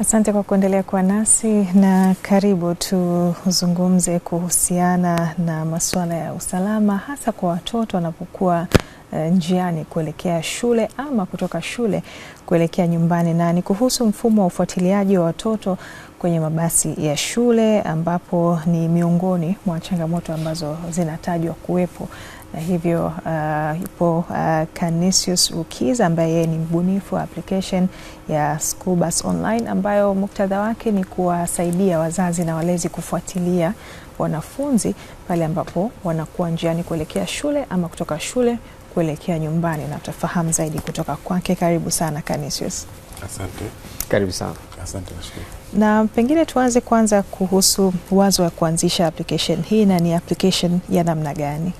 Asante kwa kuendelea kuwa nasi na karibu. Tuzungumze kuhusiana na masuala ya usalama, hasa kwa watoto wanapokuwa eh, njiani kuelekea shule ama kutoka shule kuelekea nyumbani, na ni kuhusu mfumo wa ufuatiliaji wa watoto kwenye mabasi ya shule, ambapo ni miongoni mwa changamoto ambazo zinatajwa kuwepo na hivyo uh, yupo uh, Canisius Rukiza ambaye yeye ni mbunifu wa application ya School Bus Online ambayo muktadha wake ni kuwasaidia wazazi na walezi kufuatilia wanafunzi pale ambapo wanakuwa njiani kuelekea shule ama kutoka shule kuelekea nyumbani, na tutafahamu zaidi kutoka kwake. Karibu sana Canisius. Asante. Karibu sana. Asante nashukuru. Na pengine tuanze kwanza kuhusu wazo wa kuanzisha application hii, na ni application ya namna gani?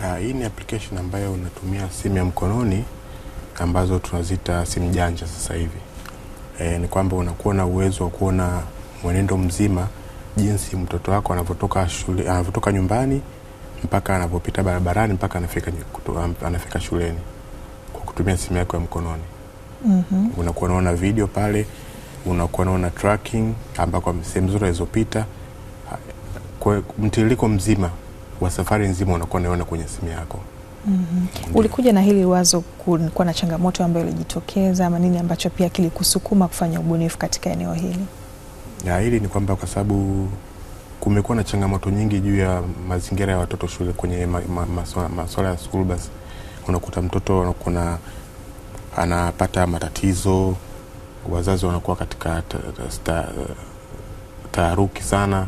Uh, hii ni application ambayo unatumia simu ya mkononi ambazo tunazita simu janja sasa hivi. E, ni kwamba unakuwa na uwezo wa kuona mwenendo mzima jinsi mtoto wako anavyotoka shule, anavyotoka nyumbani mpaka anavyopita barabarani mpaka anafika, anafika shuleni kwa kutumia simu yako ya mkononi. Mm -hmm. Unakuwa unaona video pale, unakuwa unaona tracking ambako sehemu zote alizopita, mtiririko mzima kwa safari nzima unakuwa unaona kwenye simu yako. Mm -hmm. Ulikuja na hili wazo, kulikuwa na changamoto ambayo ilijitokeza ama nini ambacho pia kilikusukuma kufanya ubunifu katika eneo hili? Ya, hili ni kwamba kwa sababu kumekuwa na changamoto nyingi juu ya mazingira ya watoto shule kwenye ma, ma, maswala, maswala ya school bus. Unakuta mtoto unakuna, anapata matatizo, wazazi wanakuwa katika taharuki ta, ta, ta, sana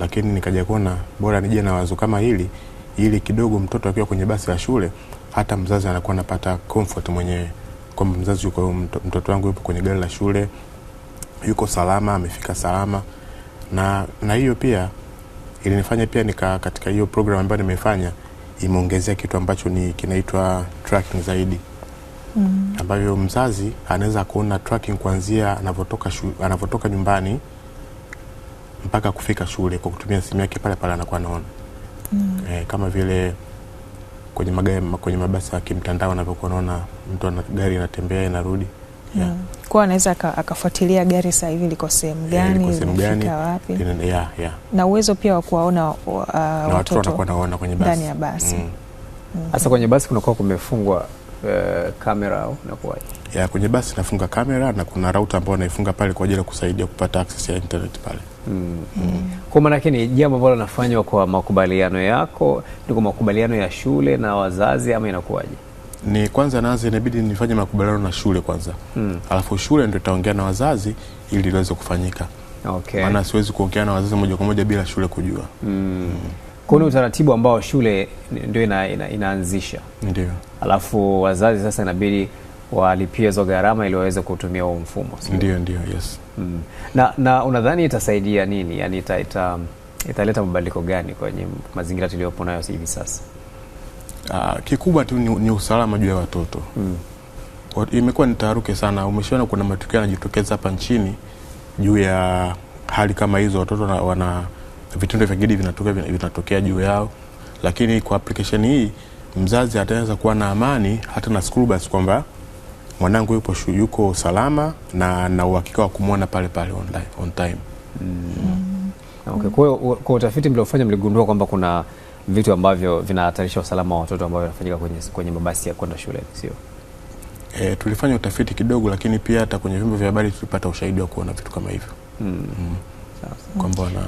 lakini nikaja kuona bora nije na wazo kama hili ili kidogo mtoto akiwa kwenye basi la shule hata mzazi anakuwa anapata comfort mwenyewe kwamba mzazi yuko mtoto wangu yupo kwenye gari la shule yuko salama amefika salama na na hiyo pia ilinifanya pia nika katika hiyo program ambayo nimefanya imeongezea kitu ambacho ni kinaitwa tracking zaidi mm. ambayo mzazi anaweza kuona tracking kuanzia anavotoka anavotoka nyumbani mpaka kufika shule kwa kutumia simu yake pale pale anakuwa anaona mm. E, kama vile kwenye magari, kwenye mabasi ya kimtandao anavyokuwa anaona mtu ana gari anatembea inarudi mm. yeah. mm. kwa anaweza akafuatilia gari sasa hivi liko sehemu eh, gani, limefika wapi yeah, yeah. na uwezo pia wa kuwaona uh, na watoto wanakuwa naona kwenye basi ndani ya basi mm. mm. Hasa kwenye basi kunakuwa kumefungwa uh, kamera au inakuwaje? Ya, kwenye basi nafunga kamera na kuna router ambayo naifunga pale kwa ajili ya kusaidia kupata access ya internet pale. Mm, mm. Kwa maana yake ni jambo ambalo linafanywa kwa makubaliano yako, ni kwa makubaliano ya shule na wazazi ama inakuwaje? Ni kwanza naanza, inabidi nifanye makubaliano na shule kwanza, mm. alafu shule ndio itaongea na wazazi ili iweze kufanyika. Okay. Maana siwezi kuongea na wazazi moja kwa moja bila shule kujua. Mm. Mm. Kwa utaratibu ambao shule ndio ina, ina, inaanzisha. Ndio. Alafu wazazi sasa inabidi walipie hizo gharama ili waweze kutumia huo mfumo. Ndio, ndio, yes. Mm. Na, na unadhani itasaidia nini? Yaani ita, ita, italeta mabadiliko gani kwenye mazingira tuliyopo nayo hivi sasa? Uh, kikubwa tu ni, ni usalama juu ya watoto mm. Imekuwa ni taharuki sana. Umeshaona kuna matukio yanajitokeza hapa nchini juu ya hali kama hizo, watoto na, wana vitendo vya gidi vinatokea vinatokea juu yao, lakini kwa application hii mzazi ataweza kuwa na amani hata na school bus kwamba mm mwanangu yupo yuko salama na na uhakika wa kumwona pale pale online, on time. Mm. Okay. Kwa, kwa utafiti mliofanya mligundua kwamba kuna vitu ambavyo vinahatarisha usalama wa watoto ambao wanafanyika kwenye, kwenye mabasi ya kwenda shule sio? E, tulifanya utafiti kidogo, lakini pia hata kwenye vyombo vya habari tulipata ushahidi wa kuona vitu kama hivyo. Mm. Mm. Kwamba wana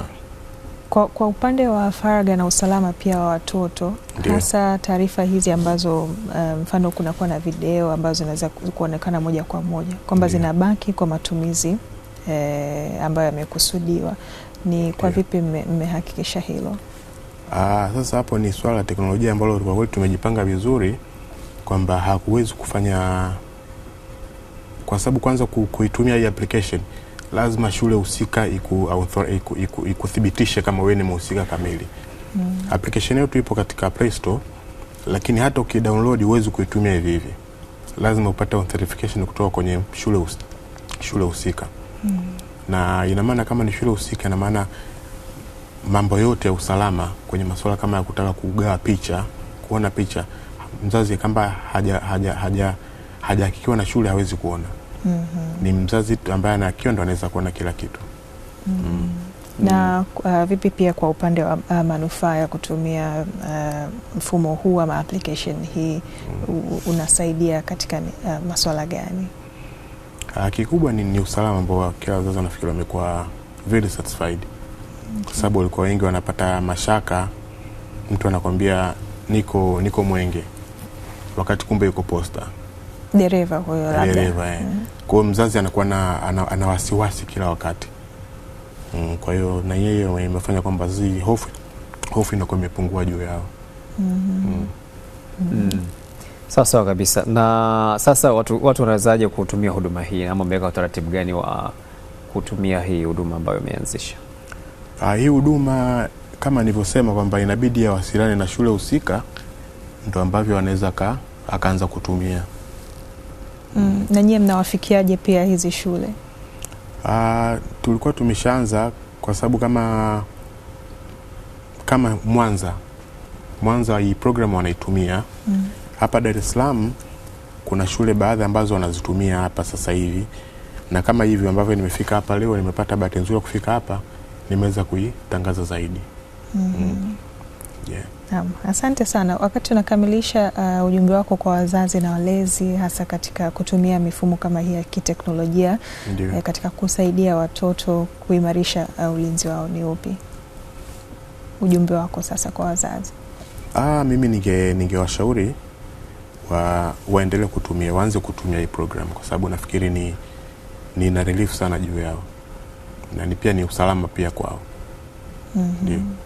kwa, kwa upande wa faragha na usalama pia wa watoto Ndiyo. hasa taarifa hizi ambazo eh, mfano um, kunakuwa na video ambazo zinaweza kuonekana moja kwa moja kwamba zinabaki kwa matumizi eh, ambayo yamekusudiwa ni kwa Ndiyo. vipi mmehakikisha me, hilo? Aa, ah, sasa hapo ni swala la teknolojia ambalo kwa kweli tumejipanga vizuri kwamba hakuwezi kufanya kwa sababu kwanza kuitumia hii application lazima shule husika ikuthibitishe iku, kama wewe ni mhusika kamili. Mm. Application yetu ipo katika Play Store, lakini hata ukidownload huwezi kuitumia hivi hivi, lazima upate authentication kutoka kwenye shule us, shule husika. Mm. Na ina maana kama ni shule husika, ina maana mambo yote ya usalama kwenye masuala kama ya kutaka kugawa picha, kuona picha, mzazi kamba hajahakikiwa haja, haja, na shule hawezi kuona. -hmm. ni mzazi ambaye ana akio ndo anaweza kuona kila kitu mm -hmm. Mm Na uh, vipi pia kwa upande wa uh, manufaa ya kutumia uh, mfumo huu ama application hii mm -hmm. unasaidia katika uh, masuala gani? Uh, kikubwa ni, ni usalama ambao kila wazazi wanafikiri wamekuwa very satisfied okay. Kwa mhm. sababu walikuwa wengi wanapata mashaka, mtu anakwambia niko niko Mwenge wakati kumbe yuko Posta dereva huyo labda dereva eh. mm. Kwa mzazi anakuwa na ana, ana wasiwasi kila wakati mm, kwa hiyo na yeye imefanya kwamba zi hofu hofu inakuwa imepungua juu yao mm. mm. mm. Sawa sawa kabisa. Na sasa watu, watu wanawezaje kutumia huduma hii ama mmeweka utaratibu gani wa kutumia hii huduma ambayo imeanzisha? Ah, hii huduma kama nilivyosema kwamba inabidi awasiliane na shule husika, ndo ambavyo anaweza akaanza kutumia. Mm, na nyie mnawafikiaje pia hizi shule? Uh, tulikuwa tumeshaanza kwa sababu kama kama Mwanza Mwanza hii programu wanaitumia mm. Hapa Dar es Salaam kuna shule baadhi ambazo wanazitumia hapa sasa hivi, na kama hivi ambavyo nimefika hapa leo, nimepata bahati nzuri ya kufika hapa, nimeweza kuitangaza zaidi mm -hmm. mm. Yeah. Naam, asante sana. Wakati unakamilisha uh, ujumbe wako kwa wazazi na walezi, hasa katika kutumia mifumo kama hii ya kiteknolojia uh, katika kusaidia watoto kuimarisha uh, ulinzi wao, ni upi ujumbe wako sasa kwa wazazi? Aa, ah, mimi ningewashauri ninge wa, waendelee kutumia waanze kutumia hii program kwa sababu nafikiri ni, ni na relief sana juu yao na ni pia ni usalama pia kwao, mm -hmm.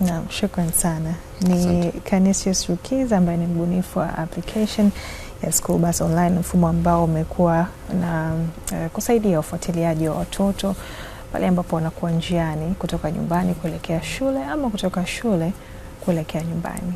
Naam, shukran sana. Ni Canisius Rukiza ambaye ni mbunifu wa application ya School Bus Online, mfumo ambao umekuwa na uh, kusaidia ufuatiliaji wa watoto pale ambapo wanakuwa njiani kutoka nyumbani kuelekea shule ama kutoka shule kuelekea nyumbani.